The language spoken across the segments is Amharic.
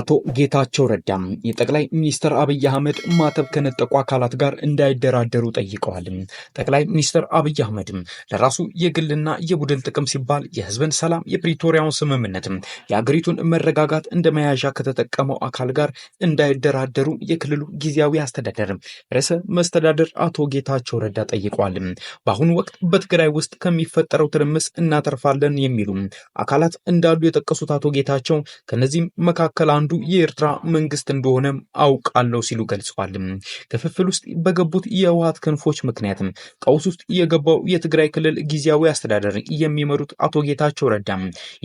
አቶ ጌታቸው ረዳም የጠቅላይ ሚኒስትር አብይ አህመድ ማተብ ከነጠቁ አካላት ጋር እንዳይደራደሩ ጠይቀዋል። ጠቅላይ ሚኒስትር አብይ አህመድም ለራሱ የግልና የቡድን ጥቅም ሲባል የህዝብን ሰላም፣ የፕሪቶሪያውን ስምምነት፣ የአገሪቱን መረጋጋት እንደ መያዣ ከተጠቀመው አካል ጋር እንዳይደራደሩ የክልሉ ጊዜያዊ አስተዳደር ርዕሰ መስተዳደር አቶ ጌታቸው ረዳ ጠይቀዋል። በአሁኑ ወቅት በትግራይ ውስጥ ከሚፈጠረው ትርምስ እናተርፋለን የሚሉ አካላት እንዳሉ የጠቀሱት አቶ ጌታቸው ከነዚህም መካከል አንዱ የኤርትራ መንግስት እንደሆነም አውቃለሁ ሲሉ ገልጸዋል። ክፍፍል ውስጥ በገቡት የውሃት ክንፎች ምክንያትም ቀውስ ውስጥ የገባው የትግራይ ክልል ጊዜያዊ አስተዳደር የሚመሩት አቶ ጌታቸው ረዳ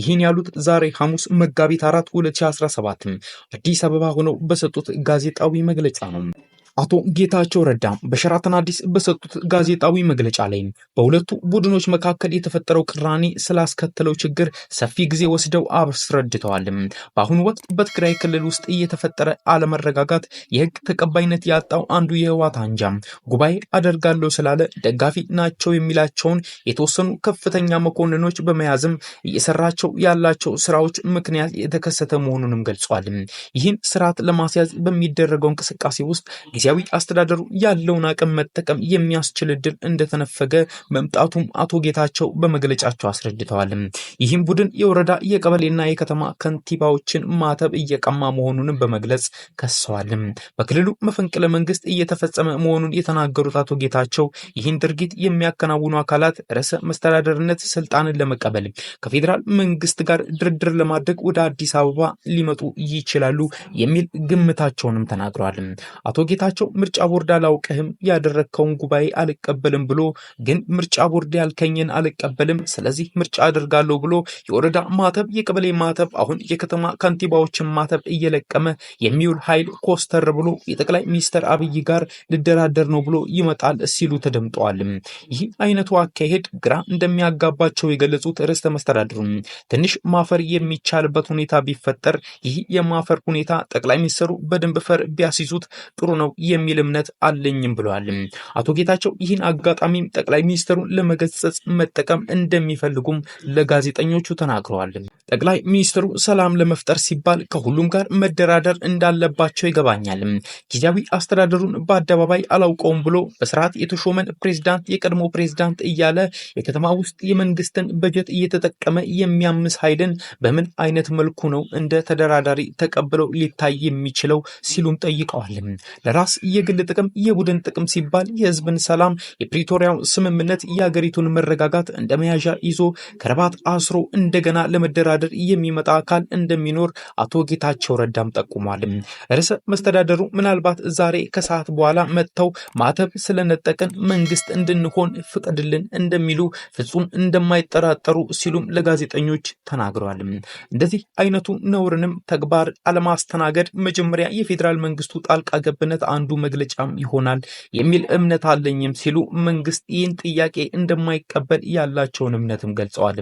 ይህን ያሉት ዛሬ ሐሙስ መጋቢት አራት 2017 አዲስ አበባ ሆነው በሰጡት ጋዜጣዊ መግለጫ ነው። አቶ ጌታቸው ረዳ በሸራተን አዲስ በሰጡት ጋዜጣዊ መግለጫ ላይ በሁለቱ ቡድኖች መካከል የተፈጠረው ቅራኔ ስላስከተለው ችግር ሰፊ ጊዜ ወስደው አስረድተዋል። በአሁኑ ወቅት በትግራይ ክልል ውስጥ እየተፈጠረ አለመረጋጋት የህግ ተቀባይነት ያጣው አንዱ የህወሓት አንጃ ጉባኤ አደርጋለሁ ስላለ ደጋፊ ናቸው የሚላቸውን የተወሰኑ ከፍተኛ መኮንኖች በመያዝም እየሰራቸው ያላቸው ስራዎች ምክንያት የተከሰተ መሆኑንም ገልጿል። ይህን ስርዓት ለማስያዝ በሚደረገው እንቅስቃሴ ውስጥ ጊዜያዊ አስተዳደሩ ያለውን አቅም መጠቀም የሚያስችል እድል እንደተነፈገ መምጣቱም አቶ ጌታቸው በመግለጫቸው አስረድተዋል። ይህም ቡድን የወረዳ የቀበሌና የከተማ ከንቲባዎችን ማተብ እየቀማ መሆኑንም በመግለጽ ከሰዋል። በክልሉ መፈንቅለ መንግስት እየተፈጸመ መሆኑን የተናገሩት አቶ ጌታቸው ይህን ድርጊት የሚያከናውኑ አካላት ርዕሰ መስተዳደርነት ስልጣንን ለመቀበል ከፌዴራል መንግስት ጋር ድርድር ለማድረግ ወደ አዲስ አበባ ሊመጡ ይችላሉ የሚል ግምታቸውንም ተናግረዋል። አቶ ጌታቸው እሳቸው ምርጫ ቦርድ አላውቅህም ያደረግከውን ጉባኤ አልቀበልም ብሎ ግን ምርጫ ቦርድ ያልከኝን አልቀበልም ስለዚህ ምርጫ አድርጋለሁ ብሎ የወረዳ ማተብ፣ የቀበሌ ማተብ፣ አሁን የከተማ ከንቲባዎችን ማተብ እየለቀመ የሚውል ኃይል ኮስተር ብሎ የጠቅላይ ሚኒስትር አብይ ጋር ልደራደር ነው ብሎ ይመጣል ሲሉ ተደምጠዋል። ይህ አይነቱ አካሄድ ግራ እንደሚያጋባቸው የገለጹት ርዕሰ መስተዳድሩ ትንሽ ማፈር የሚቻልበት ሁኔታ ቢፈጠር ይህ የማፈር ሁኔታ ጠቅላይ ሚኒስትሩ በደንብ ፈር ቢያስይዙት ጥሩ ነው የሚል እምነት አለኝም ብለዋል። አቶ ጌታቸው ይህን አጋጣሚ ጠቅላይ ሚኒስትሩን ለመገሰጽ መጠቀም እንደሚፈልጉም ለጋዜጠኞቹ ተናግረዋል። ጠቅላይ ሚኒስትሩ ሰላም ለመፍጠር ሲባል ከሁሉም ጋር መደራደር እንዳለባቸው ይገባኛል። ጊዜያዊ አስተዳደሩን በአደባባይ አላውቀውም ብሎ በስርዓት የተሾመን ፕሬዝዳንት የቀድሞ ፕሬዝዳንት እያለ የከተማ ውስጥ የመንግስትን በጀት እየተጠቀመ የሚያምስ ኃይልን በምን አይነት መልኩ ነው እንደ ተደራዳሪ ተቀብለው ሊታይ የሚችለው ሲሉም ጠይቀዋል። ራስ የግል ጥቅም፣ የቡድን ጥቅም ሲባል የህዝብን ሰላም፣ የፕሪቶሪያው ስምምነት፣ የአገሪቱን መረጋጋት እንደ መያዣ ይዞ ከረባት አስሮ እንደገና ለመደራደር የሚመጣ አካል እንደሚኖር አቶ ጌታቸው ረዳም ጠቁሟል። ርዕሰ መስተዳደሩ ምናልባት ዛሬ ከሰዓት በኋላ መጥተው ማተብ ስለነጠቅን መንግስት እንድንሆን ፍቀድልን እንደሚሉ ፍጹም እንደማይጠራጠሩ ሲሉም ለጋዜጠኞች ተናግረዋል። እንደዚህ አይነቱ ነውርንም ተግባር አለማስተናገድ መጀመሪያ የፌዴራል መንግስቱ ጣልቃ ገብነት አንዱ መግለጫም ይሆናል የሚል እምነት አለኝም ሲሉ መንግስት ይህን ጥያቄ እንደማይቀበል ያላቸውን እምነትም ገልጸዋል።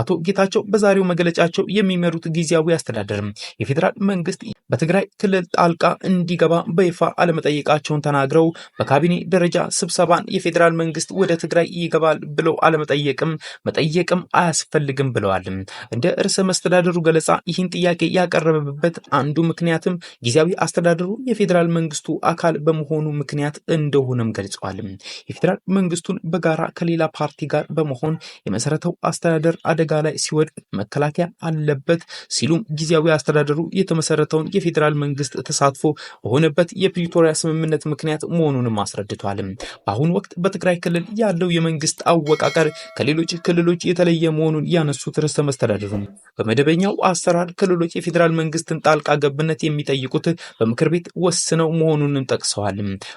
አቶ ጌታቸው በዛሬው መግለጫቸው የሚመሩት ጊዜያዊ አስተዳደርም የፌዴራል መንግስት በትግራይ ክልል ጣልቃ እንዲገባ በይፋ አለመጠየቃቸውን ተናግረው በካቢኔ ደረጃ ስብሰባን የፌዴራል መንግስት ወደ ትግራይ ይገባል ብለው አለመጠየቅም መጠየቅም አያስፈልግም ብለዋል። እንደ ርዕሰ መስተዳደሩ ገለጻ ይህን ጥያቄ ያቀረበበት አንዱ ምክንያትም ጊዜያዊ አስተዳደሩ የፌዴራል መንግስቱ አካል በመሆኑ ምክንያት እንደሆነም ገልጸዋል። የፌዴራል መንግስቱን በጋራ ከሌላ ፓርቲ ጋር በመሆን የመሰረተው አስተዳደር አደጋ ላይ ሲወድቅ መከላከያ አለበት ሲሉም ጊዜያዊ አስተዳደሩ የተመሰረተውን የፌዴራል መንግስት ተሳትፎ በሆነበት የፕሪቶሪያ ስምምነት ምክንያት መሆኑንም አስረድቷል። በአሁኑ ወቅት በትግራይ ክልል ያለው የመንግስት አወቃቀር ከሌሎች ክልሎች የተለየ መሆኑን ያነሱት ርዕሰ መስተዳደሩ በመደበኛው አሰራር ክልሎች የፌዴራል መንግስትን ጣልቃ ገብነት የሚጠይቁት በምክር ቤት ወስነው መሆኑን መሆኑንም ጠቅሰዋል።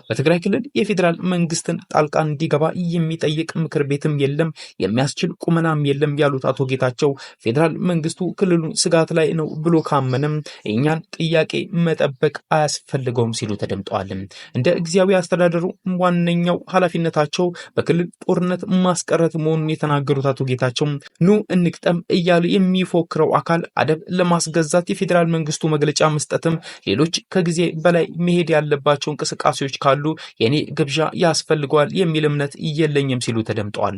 በትግራይ ክልል የፌዴራል መንግስትን ጣልቃ እንዲገባ የሚጠይቅ ምክር ቤትም የለም፣ የሚያስችል ቁመናም የለም ያሉት አቶ ጌታቸው ፌዴራል መንግስቱ ክልሉን ስጋት ላይ ነው ብሎ ካመነም እኛን ጥያቄ መጠበቅ አያስፈልገውም ሲሉ ተደምጠዋል። እንደ ጊዜያዊ አስተዳደሩ ዋነኛው ኃላፊነታቸው በክልል ጦርነት ማስቀረት መሆኑን የተናገሩት አቶ ጌታቸው ኑ እንቅጠም እያሉ የሚፎክረው አካል አደብ ለማስገዛት የፌዴራል መንግስቱ መግለጫ መስጠትም ሌሎች ከጊዜ በላይ መሄድ ያለበት የሚደርስባቸው እንቅስቃሴዎች ካሉ የኔ ግብዣ ያስፈልገዋል የሚል እምነት የለኝም ሲሉ ተደምጠዋል።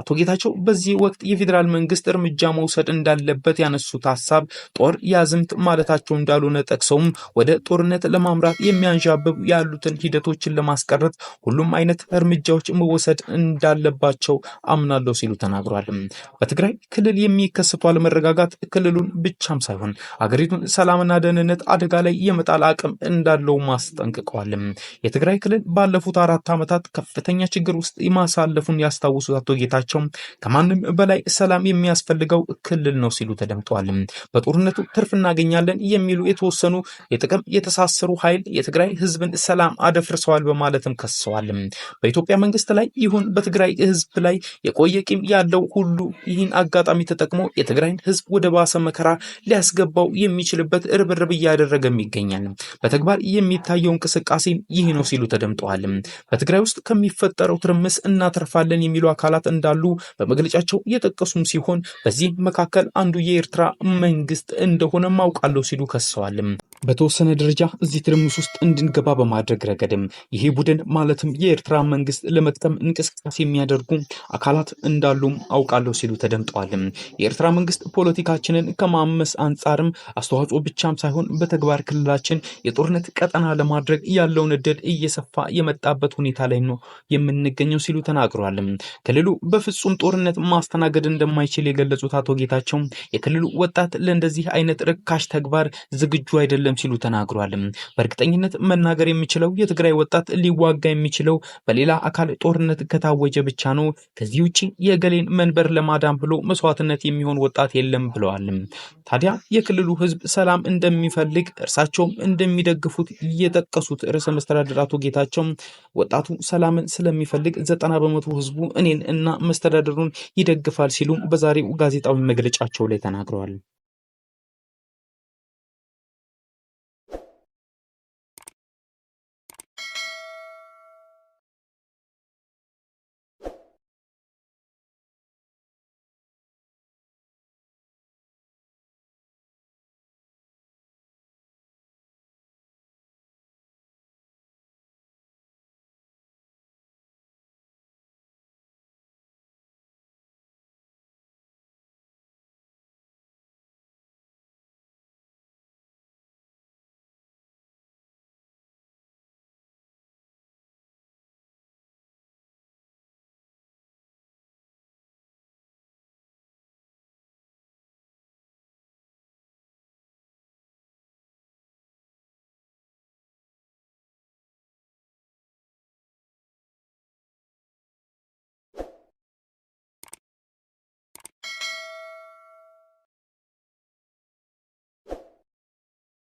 አቶ ጌታቸው በዚህ ወቅት የፌዴራል መንግስት እርምጃ መውሰድ እንዳለበት ያነሱት ሀሳብ ጦር ያዝምት ማለታቸው እንዳልሆነ ጠቅሰውም ወደ ጦርነት ለማምራት የሚያንዣብብ ያሉትን ሂደቶችን ለማስቀረት ሁሉም አይነት እርምጃዎች መወሰድ እንዳለባቸው አምናለሁ ሲሉ ተናግሯል። በትግራይ ክልል የሚከሰቱ አለመረጋጋት ክልሉን ብቻም ሳይሆን አገሪቱን ሰላምና ደህንነት አደጋ ላይ የመጣል አቅም እንዳለው ማስጠንቀቅ አስጠንቅቀዋል። የትግራይ ክልል ባለፉት አራት ዓመታት ከፍተኛ ችግር ውስጥ ማሳለፉን ያስታውሱት አቶ ጌታቸው ከማንም በላይ ሰላም የሚያስፈልገው ክልል ነው ሲሉ ተደምጠዋል። በጦርነቱ ትርፍ እናገኛለን የሚሉ የተወሰኑ የጥቅም የተሳሰሩ ኃይል የትግራይ ህዝብን ሰላም አደፍርሰዋል በማለትም ከሰዋል። በኢትዮጵያ መንግስት ላይ ይሁን በትግራይ ህዝብ ላይ የቆየ ቂም ያለው ሁሉ ይህን አጋጣሚ ተጠቅሞ የትግራይን ህዝብ ወደ ባሰ መከራ ሊያስገባው የሚችልበት ርብርብ እያደረገም ይገኛል። በተግባር የሚታየው እንቅስቃሴ እንቅስቃሴ ይህ ነው ሲሉ ተደምጠዋል። በትግራይ ውስጥ ከሚፈጠረው ትርምስ እናተርፋለን የሚሉ አካላት እንዳሉ በመግለጫቸው እየጠቀሱም ሲሆን በዚህ መካከል አንዱ የኤርትራ መንግስት እንደሆነ ማውቃለሁ ሲሉ ከሰዋል። በተወሰነ ደረጃ እዚህ ትርምስ ውስጥ እንድንገባ በማድረግ ረገድም ይሄ ቡድን ማለትም የኤርትራ መንግስት ለመጥቀም እንቅስቃሴ የሚያደርጉ አካላት እንዳሉም አውቃለሁ ሲሉ ተደምጠዋል። የኤርትራ መንግስት ፖለቲካችንን ከማመስ አንጻርም አስተዋጽኦ ብቻም ሳይሆን በተግባር ክልላችን የጦርነት ቀጠና ለማድረግ ያለውን እድል እየሰፋ የመጣበት ሁኔታ ላይ ነው የምንገኘው ሲሉ ተናግረዋል። ክልሉ በፍጹም ጦርነት ማስተናገድ እንደማይችል የገለጹት አቶ ጌታቸው የክልሉ ወጣት ለእንደዚህ አይነት ርካሽ ተግባር ዝግጁ አይደለም አይደለም ሲሉ ተናግሯል። በእርግጠኝነት መናገር የሚችለው የትግራይ ወጣት ሊዋጋ የሚችለው በሌላ አካል ጦርነት ከታወጀ ብቻ ነው። ከዚህ ውጭ የገሌን መንበር ለማዳን ብሎ መስዋዕትነት የሚሆን ወጣት የለም ብለዋል። ታዲያ የክልሉ ህዝብ ሰላም እንደሚፈልግ እርሳቸውም እንደሚደግፉት የጠቀሱት ርዕሰ መስተዳድር አቶ ጌታቸው ወጣቱ ሰላምን ስለሚፈልግ ዘጠና በመቶ ህዝቡ እኔን እና መስተዳድሩን ይደግፋል ሲሉ በዛሬው ጋዜጣዊ መግለጫቸው ላይ ተናግረዋል።